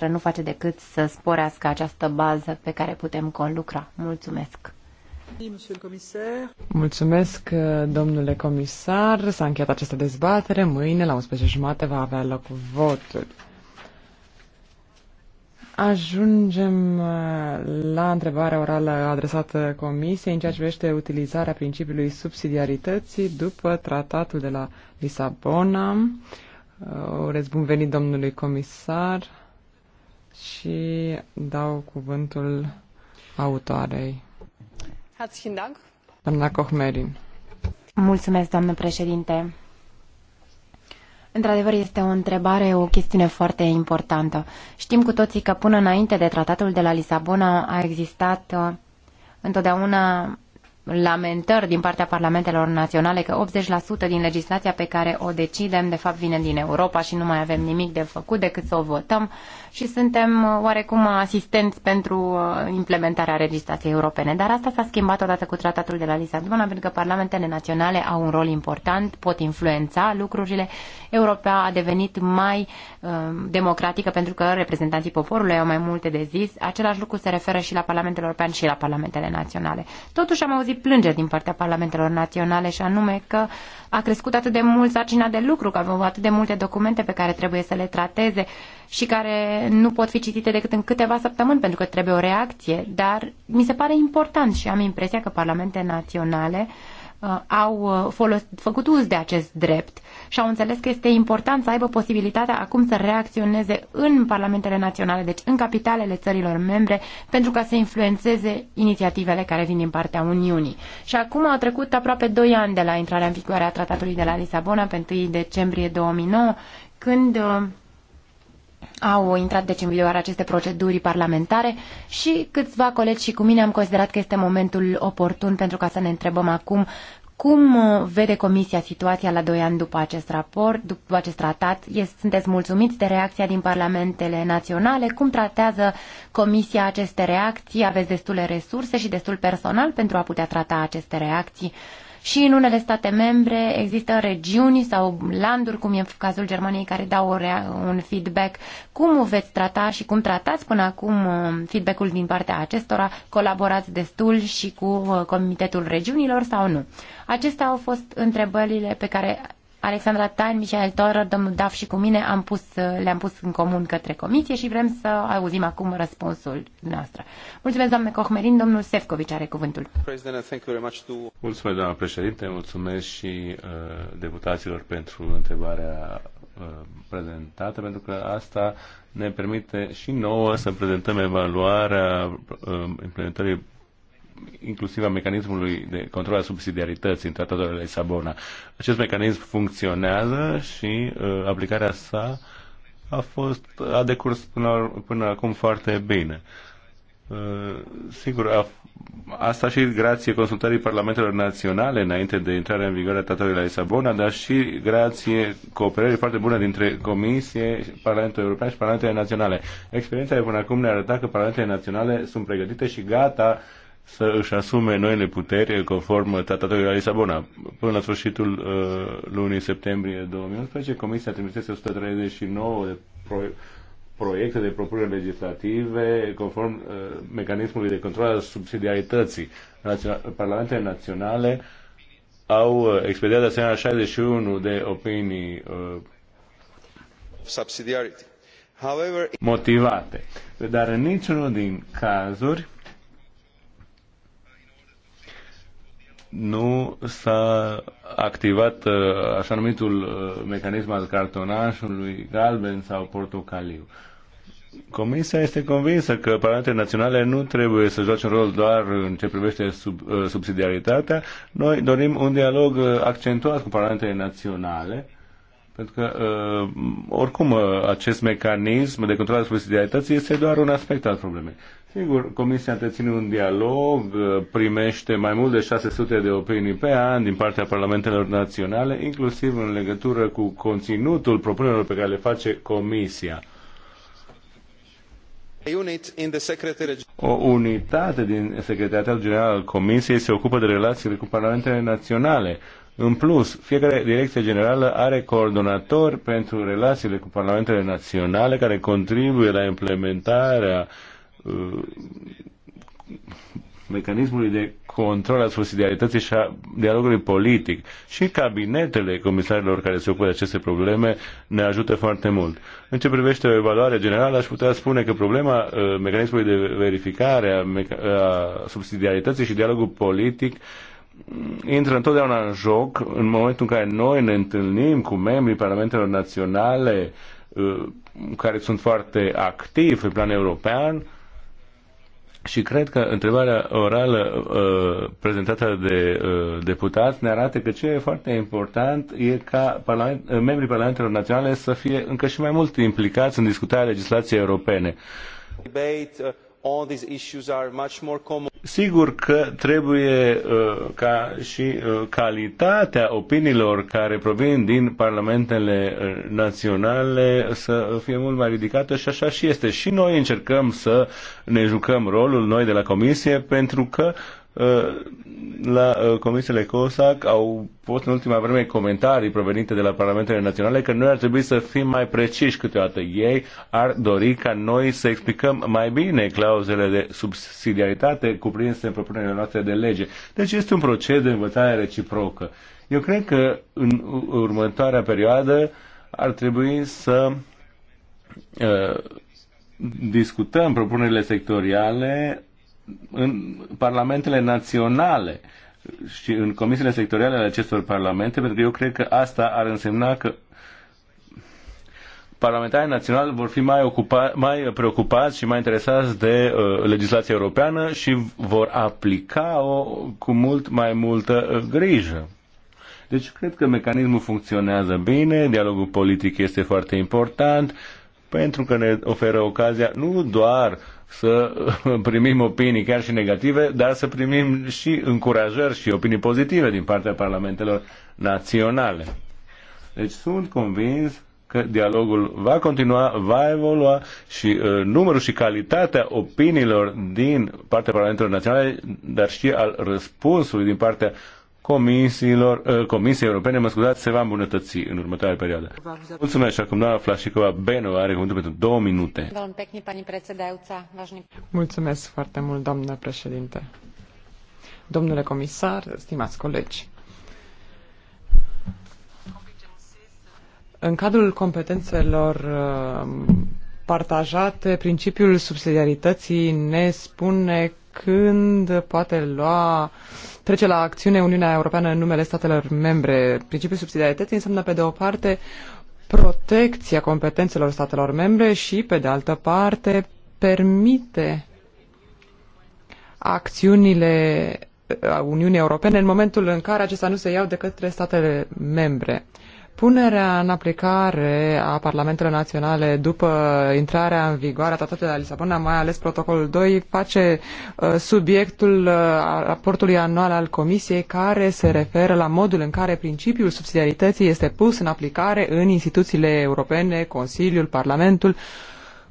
noastră nu face decât să sporească această bază pe care putem conlucra. Mulțumesc! Mulțumesc, domnule comisar. S-a încheiat această dezbatere. Mâine, la 11.30, va avea loc votul. Ajungem uh, la întrebarea orală adresată Comisiei în ceea ce privește utilizarea principiului subsidiarității după tratatul de la Lisabona. Uh, urez bun venit domnului comisar și dau cuvântul autoarei. Doamna Cohmerin. Mulțumesc, doamnă președinte. Într-adevăr, este o întrebare, o chestiune foarte importantă. Știm cu toții că până înainte de tratatul de la Lisabona a existat uh, întotdeauna lamentări din partea parlamentelor naționale că 80% din legislația pe care o decidem de fapt vine din Europa și nu mai avem nimic de făcut decât să o votăm și suntem uh, oarecum asistenți pentru uh, implementarea legislației europene. Dar asta s-a schimbat odată cu tratatul de la Lisabona pentru că parlamentele naționale au un rol important, pot influența lucrurile. Europa a devenit mai uh, democratică pentru că reprezentanții poporului au mai multe de zis. Același lucru se referă și la Parlamentul European și la parlamentele naționale. Totuși am auzit plângeri din partea parlamentelor naționale și anume că a crescut atât de mult sarcina de lucru, că avem atât de multe documente pe care trebuie să le trateze și care nu pot fi citite decât în câteva săptămâni pentru că trebuie o reacție, dar mi se pare important și am impresia că parlamente naționale uh, Uh, au uh, folos- făcut uz de acest drept și au înțeles că este important să aibă posibilitatea acum să reacționeze în parlamentele naționale, deci în capitalele țărilor membre, pentru ca să influențeze inițiativele care vin din partea Uniunii. Și acum au trecut aproape 2 ani de la intrarea în vigoare a tratatului de la Lisabona, pe 1 decembrie 2009, când uh, au intrat deci în vigoare aceste proceduri parlamentare și câțiva colegi și cu mine am considerat că este momentul oportun pentru ca să ne întrebăm acum cum vede Comisia situația la doi ani după acest raport, după acest tratat? Sunteți mulțumiți de reacția din parlamentele naționale? Cum tratează Comisia aceste reacții? Aveți destule resurse și destul personal pentru a putea trata aceste reacții? și în unele state membre există regiuni sau landuri, cum e în cazul Germaniei, care dau un feedback. Cum veți trata și cum tratați până acum uh, feedback-ul din partea acestora? Colaborați destul și cu uh, Comitetul Regiunilor sau nu? Acestea au fost întrebările pe care Alexandra Tan, Michael Torer, domnul Daf și cu mine am pus, le-am pus în comun către comisie și vrem să auzim acum răspunsul noastră. Mulțumesc, doamne Cohmerin. Domnul Sefcovici are cuvântul. Mulțumesc, doamna președinte. Mulțumesc și uh, deputaților pentru întrebarea uh, prezentată, pentru că asta ne permite și nouă să prezentăm evaluarea uh, implementării inclusiv a mecanismului de control a subsidiarității în tratatul de Lisabona. Acest mecanism funcționează și uh, aplicarea sa a fost a decurs până, până acum foarte bine. Uh, sigur, a, asta și grație consultării parlamentelor naționale înainte de intrarea în vigoare a tratatului la Lisabona, dar și grație cooperării foarte bune dintre Comisie, Parlamentul European și Parlamentele Naționale. Experiența de până acum ne arăta că Parlamentele Naționale sunt pregătite și gata uh, să își asume noile puteri conform tratatului de la Lisabona. Până la sfârșitul uh, lunii septembrie 2011, Comisia trimisese 139 de pro- proiecte de propuneri legislative conform uh, mecanismului de control al subsidiarității. Naționa- Parlamentele naționale au uh, expediat de asemenea 61 de opinii uh, However... motivate. Dar în niciunul din cazuri nu s-a activat uh, așa numitul uh, mecanism al cartonașului galben sau portocaliu. Comisia este convinsă că parlamentele naționale nu trebuie să joace un rol doar în ce privește sub, uh, subsidiaritatea. Noi dorim un dialog accentuat cu parlamentele naționale, pentru că, oricum, acest mecanism de control al subsidiarității este doar un aspect al problemei. Sigur, Comisia întreține un dialog, primește mai mult de 600 de opinii pe an din partea parlamentelor naționale, inclusiv în legătură cu conținutul propunerilor pe care le face Comisia. O unitate din Secretariatul General al Comisiei se ocupă de relațiile cu parlamentele naționale. În plus, fiecare direcție generală are coordonator pentru relațiile cu parlamentele naționale care contribuie la implementarea uh, Uh, mecanismului de control al subsidiarității și a dialogului politic. Și cabinetele comisarilor care se ocupă de aceste probleme ne ajută foarte mult. În ce privește o evaluare generală, aș putea spune că problema uh, mecanismului de verificare a, a subsidiarității și dialogul politic mm, intră întotdeauna în joc în momentul în care noi ne întâlnim cu membrii parlamentelor naționale uh, care sunt foarte activi pe plan european și cred că întrebarea orală uh, prezentată de uh, deputat ne arată că ce e foarte important e ca parlament, uh, membrii Parlamentelor Naționale să fie încă și mai mult implicați în discutarea legislației europene. Debate, uh Sigur că trebuie uh, ca și uh, calitatea opiniilor care provin din parlamentele uh, naționale să fie mult mai ridicată și așa și este. Și noi încercăm să ne jucăm rolul, noi de la Comisie, pentru că Uh, la uh, comisiile COSAC au fost în ultima vreme comentarii provenite de la Parlamentele Naționale că noi ar trebui să fim mai preciși câteodată. Ei ar dori ca noi să explicăm mai bine clauzele de subsidiaritate cuprinse în propunerile noastre de lege. Deci este un proces de învățare reciprocă. Eu cred că în următoarea perioadă ar trebui să uh, discutăm propunerile sectoriale în parlamentele naționale și în comisiile sectoriale ale acestor parlamente, pentru că eu cred că asta ar însemna că parlamentarii naționali vor fi mai, ocupa, mai preocupați și mai interesați de uh, legislația europeană și vor aplica-o cu mult mai multă uh, grijă. Deci cred că mecanismul funcționează bine, dialogul politic este foarte important, pentru că ne oferă ocazia nu doar uh, să primim opinii chiar și negative, dar să primim și încurajări și opinii pozitive din partea parlamentelor naționale. Deci sunt convins că dialogul va continua, va evolua și uh, numărul și calitatea opiniilor din partea Parlamentelor Naționale, dar și al răspunsului din partea comisiilor, uh, Comisiei Europene, mă scuzați, se va îmbunătăți în următoarea perioadă. Mulțumesc și acum doamna Flașicova Benova are cuvântul pentru două minute. Mulțumesc foarte mult, doamnă președinte. Domnule comisar, stimați colegi, în cadrul competențelor uh, partajate, principiul subsidiarității ne spune când poate lua, trece la acțiune Uniunea Europeană în numele statelor membre. Principiul subsidiarității înseamnă, pe de o parte, protecția competențelor statelor membre și, pe de altă parte, permite acțiunile uh, a Uniunii Europene în momentul în care acestea nu se iau de către statele membre. Punerea în aplicare a Parlamentelor Naționale după intrarea în vigoare a Tratatului de la Lisabona, mai ales protocolul 2, face uh, subiectul uh, raportului anual al Comisiei care se referă la modul în care principiul subsidiarității este pus în aplicare în instituțiile europene, Consiliul, Parlamentul,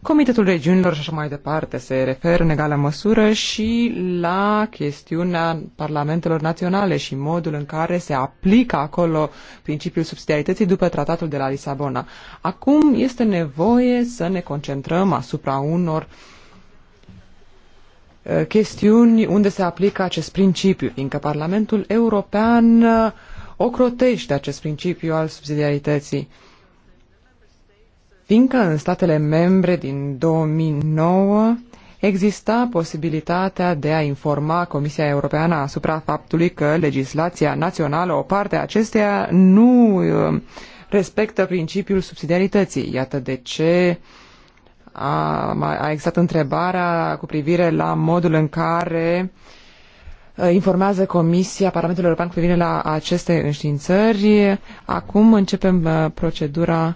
Comitetul Regiunilor și așa mai departe se referă în egală măsură și la chestiunea parlamentelor naționale și modul în care se aplică acolo principiul subsidiarității după tratatul de la Lisabona. Acum este nevoie să ne concentrăm asupra unor eh, chestiuni unde se aplică acest principiu, fiindcă Parlamentul European eh, ocrotește acest principiu al subsidiarității fiindcă în statele membre din 2009 exista posibilitatea de a informa Comisia Europeană asupra faptului că legislația națională, o parte a acesteia, nu uh, respectă principiul subsidiarității. Iată de ce a, a existat întrebarea cu privire la modul în care uh, informează Comisia Parlamentului European cu privire la aceste înștiințări. Acum începem uh, procedura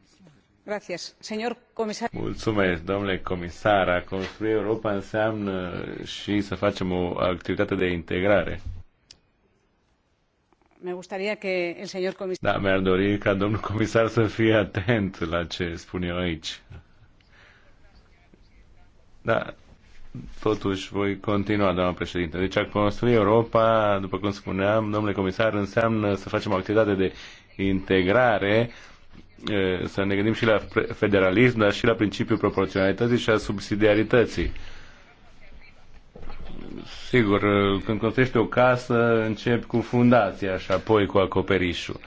Mulțumesc, domnule comisar. A construi Europa înseamnă și să facem o activitate de integrare. Da, mi-ar dori ca domnul comisar să fie atent la ce spun eu aici. Da, totuși voi continua, doamna președinte. Deci a construi Europa, după cum spuneam, domnule comisar, înseamnă să facem o activitate de integrare să ne gândim și la federalism, dar și la principiul proporționalității și a subsidiarității. Sigur, când construiești o casă, începi cu fundația și apoi cu acoperișul.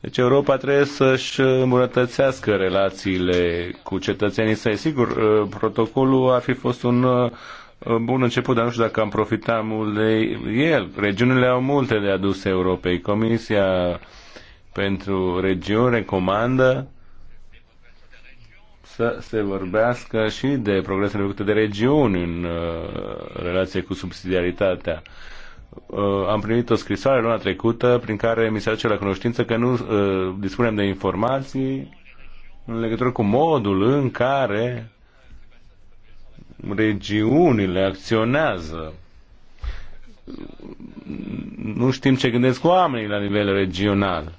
Deci Europa trebuie să-și îmbunătățească relațiile cu cetățenii săi. Sigur, protocolul ar fi fost un bun început, dar nu știu dacă am profitat mult de el. Regiunile au multe de adus Europei. Comisia pentru regiuni recomandă să se vorbească și de progresele făcute de regiuni în uh, relație cu subsidiaritatea. Uh, am primit o scrisoare luna trecută prin care mi se aduce la cunoștință că nu uh, dispunem de informații în legătură cu modul în care regiunile acționează. Nu știm ce gândesc oamenii la nivel regional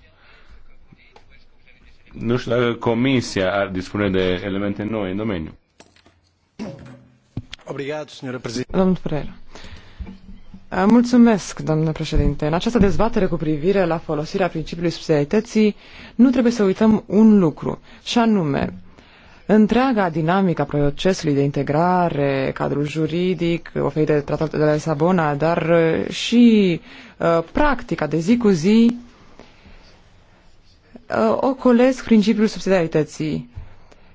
nu știu dacă Comisia ar dispune de elemente noi în domeniu. Obrigat, Domnul Mulțumesc, domnule președinte. În această dezbatere cu privire la folosirea principiului subsidiarității, nu trebuie să uităm un lucru, și anume, întreaga dinamică a procesului de integrare, cadrul juridic oferit de tratatul de la Lisabona, dar uh, și uh, practica de zi cu zi Uh, ocolesc principiul subsidiarității.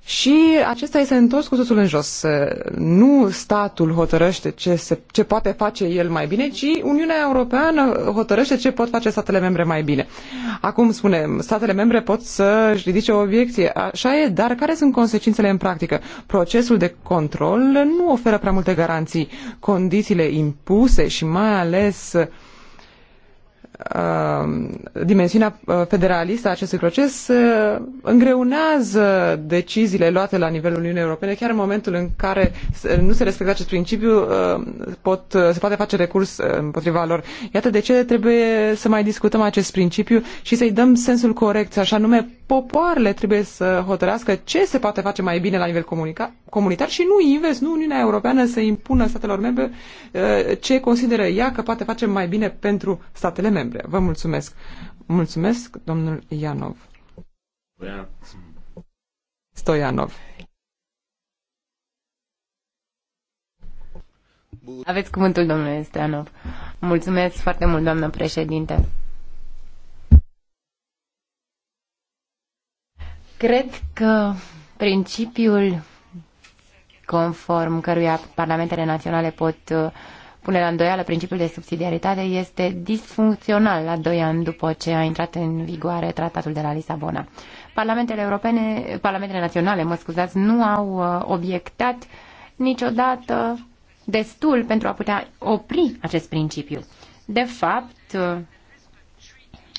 Și acesta este întors cu totul în jos. Nu statul hotărăște ce, se, ce poate face el mai bine, ci Uniunea Europeană hotărăște ce pot face statele membre mai bine. Acum spunem, statele membre pot să-și ridice o obiecție, așa e, dar care sunt consecințele în practică? Procesul de control nu oferă prea multe garanții. Condițiile impuse și mai ales uh, Uh, dimensiunea uh, federalistă a acestui proces uh, îngreunează deciziile luate la nivelul Uniunii Europene, chiar în momentul în care nu se respectă acest principiu, pot, se poate face recurs împotriva lor. Iată de ce trebuie să mai discutăm acest principiu și să-i dăm sensul corect, așa nume popoarele trebuie să hotărească ce se poate face mai bine la nivel comunitar și nu invers, nu Uniunea Europeană să impună statelor membre ce consideră ea că poate face mai bine pentru statele membre septembrie. Vă mulțumesc. Mulțumesc, domnul Ianov. Stoianov. Aveți cuvântul, domnule Stoianov. Mulțumesc foarte mult, doamnă președinte. Cred că principiul conform căruia parlamentele naționale pot uh, pune la îndoială principiul de subsidiaritate este disfuncțional la doi ani după ce a intrat în vigoare tratatul de la Lisabona. Parlamentele europene, parlamentele naționale, mă scuzați, nu au uh, obiectat niciodată destul pentru a putea opri acest principiu. De fapt, uh,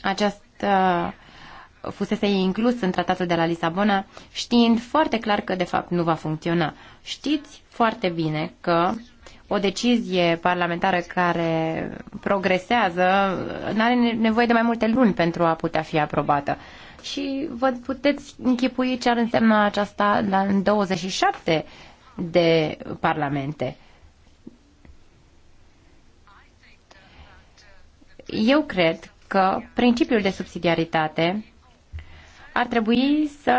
această fusese inclus în tratatul de la Lisabona, știind foarte clar că de fapt nu va funcționa. Știți foarte bine că o decizie parlamentară care progresează nu are nevoie de mai multe luni pentru a putea fi aprobată. Și vă puteți închipui ce ar însemna aceasta la, în 27 de parlamente. Eu cred că principiul de subsidiaritate ar trebui să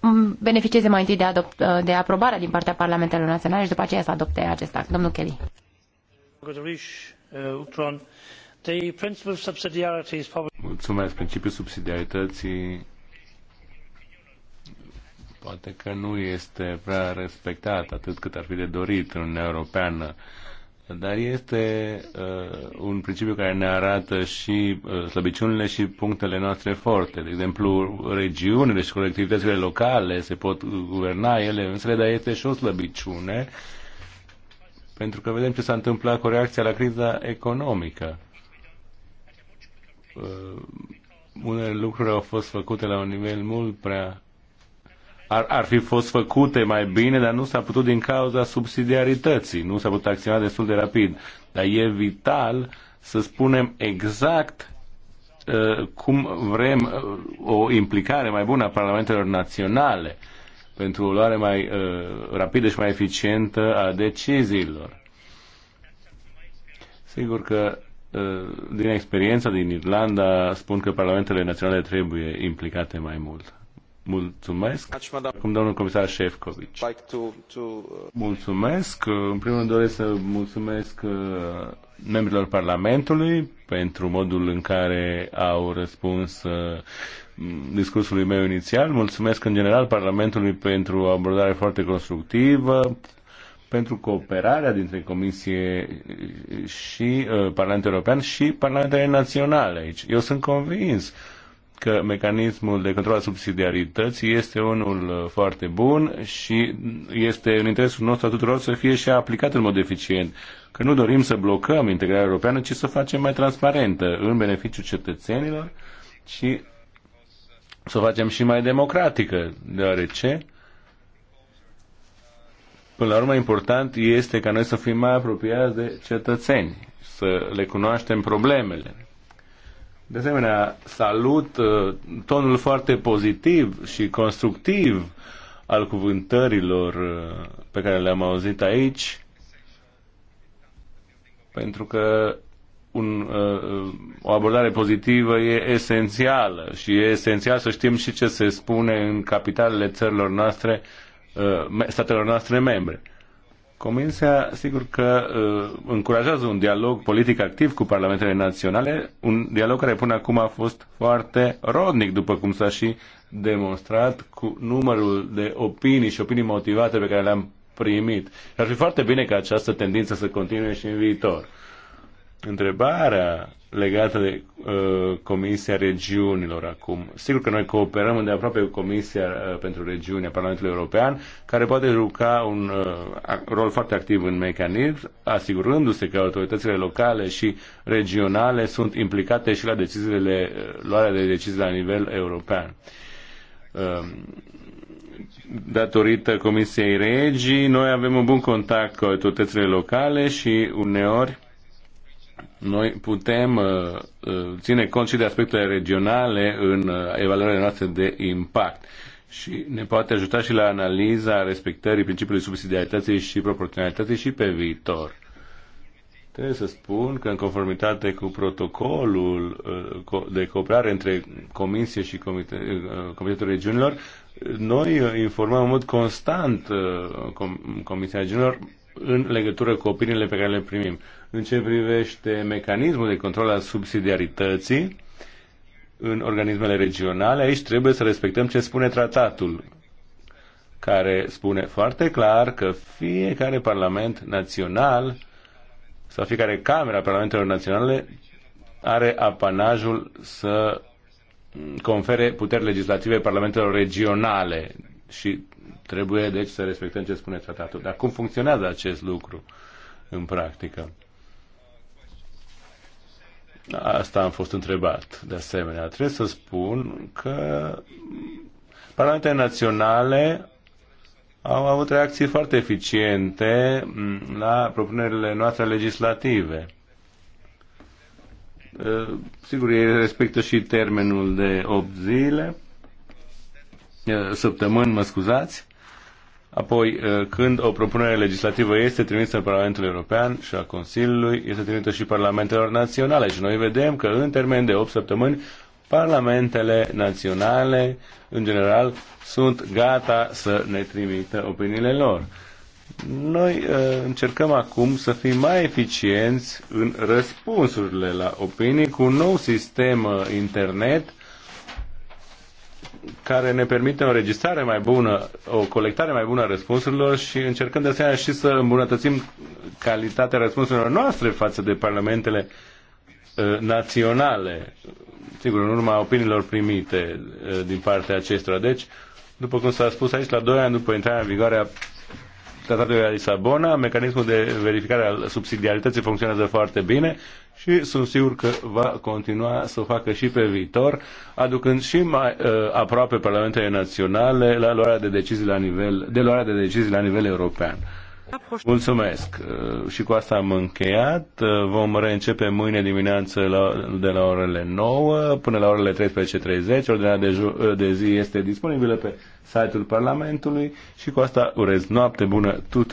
Mm, beneficieze mai întâi de, adopt, uh, de aprobarea din partea Parlamentelor Naționale și după aceea să adopte acest act. Domnul Kelly. Mulțumesc. Principiul subsidiarității poate că nu este prea respectat atât cât ar fi de dorit în Uniunea Europeană dar este uh, un principiu care ne arată și uh, slăbiciunile și punctele noastre forte. De exemplu, regiunile și colectivitățile locale se pot guverna ele însele, dar este și o slăbiciune pentru că vedem ce s-a întâmplat cu reacția la criza economică. Uh, unele lucruri au fost făcute la un nivel mult prea ar, ar fi fost făcute mai bine, dar nu s-a putut din cauza subsidiarității, nu s-a putut acționa destul de rapid. Dar e vital să spunem exact uh, cum vrem uh, o implicare mai bună a parlamentelor naționale pentru o luare mai uh, rapidă și mai eficientă a deciziilor. Sigur că uh, din experiența din Irlanda spun că parlamentele naționale trebuie implicate mai mult. Mulțumesc. Acum domnul comisar uh, Mulțumesc. În primul rând doresc să mulțumesc uh, membrilor Parlamentului pentru modul în care au răspuns uh, discursului meu inițial. Mulțumesc în general Parlamentului pentru o abordare foarte constructivă, pentru cooperarea dintre Comisie și Parlamentul European și Parlamentele Naționale aici. Eu sunt convins că mecanismul de control al subsidiarității este unul uh, foarte bun și este în interesul nostru a tuturor să fie și aplicat în mod eficient. Că nu dorim să blocăm integrarea europeană, ci să o facem mai transparentă în beneficiul cetățenilor și să o facem și mai democratică, deoarece Până la urmă, important este ca noi să fim mai apropiați de cetățeni, să le cunoaștem problemele de asemenea, salut uh, tonul foarte pozitiv și constructiv al cuvântărilor uh, pe care le-am auzit aici, pentru că un, uh, o abordare pozitivă e esențială și e esențial să știm și ce se spune în capitalele țărilor noastre, statelor noastre membre. Comisia, sigur că uh, încurajează un dialog politic activ cu parlamentele naționale, un dialog care până acum a fost foarte rodnic, după cum s-a și demonstrat cu numărul de opinii și opinii motivate pe care le-am primit. Ar fi foarte bine ca această tendință să continue și în viitor. Întrebarea legată de uh, Comisia Regiunilor acum. Sigur că noi cooperăm de aproape cu Comisia uh, pentru Regiuni a Parlamentului European, care poate juca un uh, rol foarte activ în mecanism, asigurându-se că autoritățile locale și regionale sunt implicate și la deciziile, uh, luarea de decizii la nivel european. Uh, datorită Comisiei Regii, noi avem un bun contact cu autoritățile locale și uneori noi putem uh, uh, ține cont și de aspectele regionale în uh, evaluarea noastră de impact și ne poate ajuta și la analiza respectării principiului subsidiarității și proporționalității și pe viitor. Trebuie să spun că în conformitate cu protocolul de cooperare între Comisie și comite, Comitetul Regiunilor, noi informăm în mod constant Comisia Regiunilor în legătură cu opiniile pe care le primim în ce privește mecanismul de control al subsidiarității în organismele regionale, aici trebuie să respectăm ce spune tratatul, care spune foarte clar că fiecare parlament național sau fiecare camera a parlamentelor naționale are apanajul să confere puteri legislative parlamentelor regionale și trebuie deci să respectăm ce spune tratatul. Dar cum funcționează acest lucru în practică? Asta am fost întrebat. De asemenea, trebuie să spun că parlamentele naționale au avut reacții foarte eficiente la propunerile noastre legislative. Sigur, ei respectă și termenul de 8 zile, săptămâni, mă scuzați, Apoi, uh, când o propunere legislativă este trimisă Parlamentului European și a Consiliului, este trimisă și Parlamentelor Naționale și noi vedem că în termen de 8 săptămâni parlamentele naționale, în general, sunt gata să ne trimită opiniile lor. Noi uh, încercăm acum să fim mai eficienți în răspunsurile la opinii cu un nou sistem uh, internet care ne permite o registrare mai bună, o colectare mai bună a răspunsurilor și încercând de asemenea și să îmbunătățim calitatea răspunsurilor noastre față de parlamentele uh, naționale, sigur, în urma opiniilor primite uh, din partea acestora. Deci, după cum s-a spus aici, la doi ani după intrarea în vigoare a tratatul de la Lisabona, mecanismul de verificare al subsidiarității funcționează foarte bine și sunt sigur că va continua să o facă și pe viitor, aducând și mai uh, aproape parlamentele naționale la luarea de decizii la nivel, de luarea de decizii la nivel european. Mulțumesc. Uh, și cu asta am încheiat. Uh, vom reîncepe mâine dimineață de la orele 9 până la orele 13.30. Ordinea de, uh, de zi este disponibilă pe site-ul Parlamentului și cu asta urez noapte bună tuturor.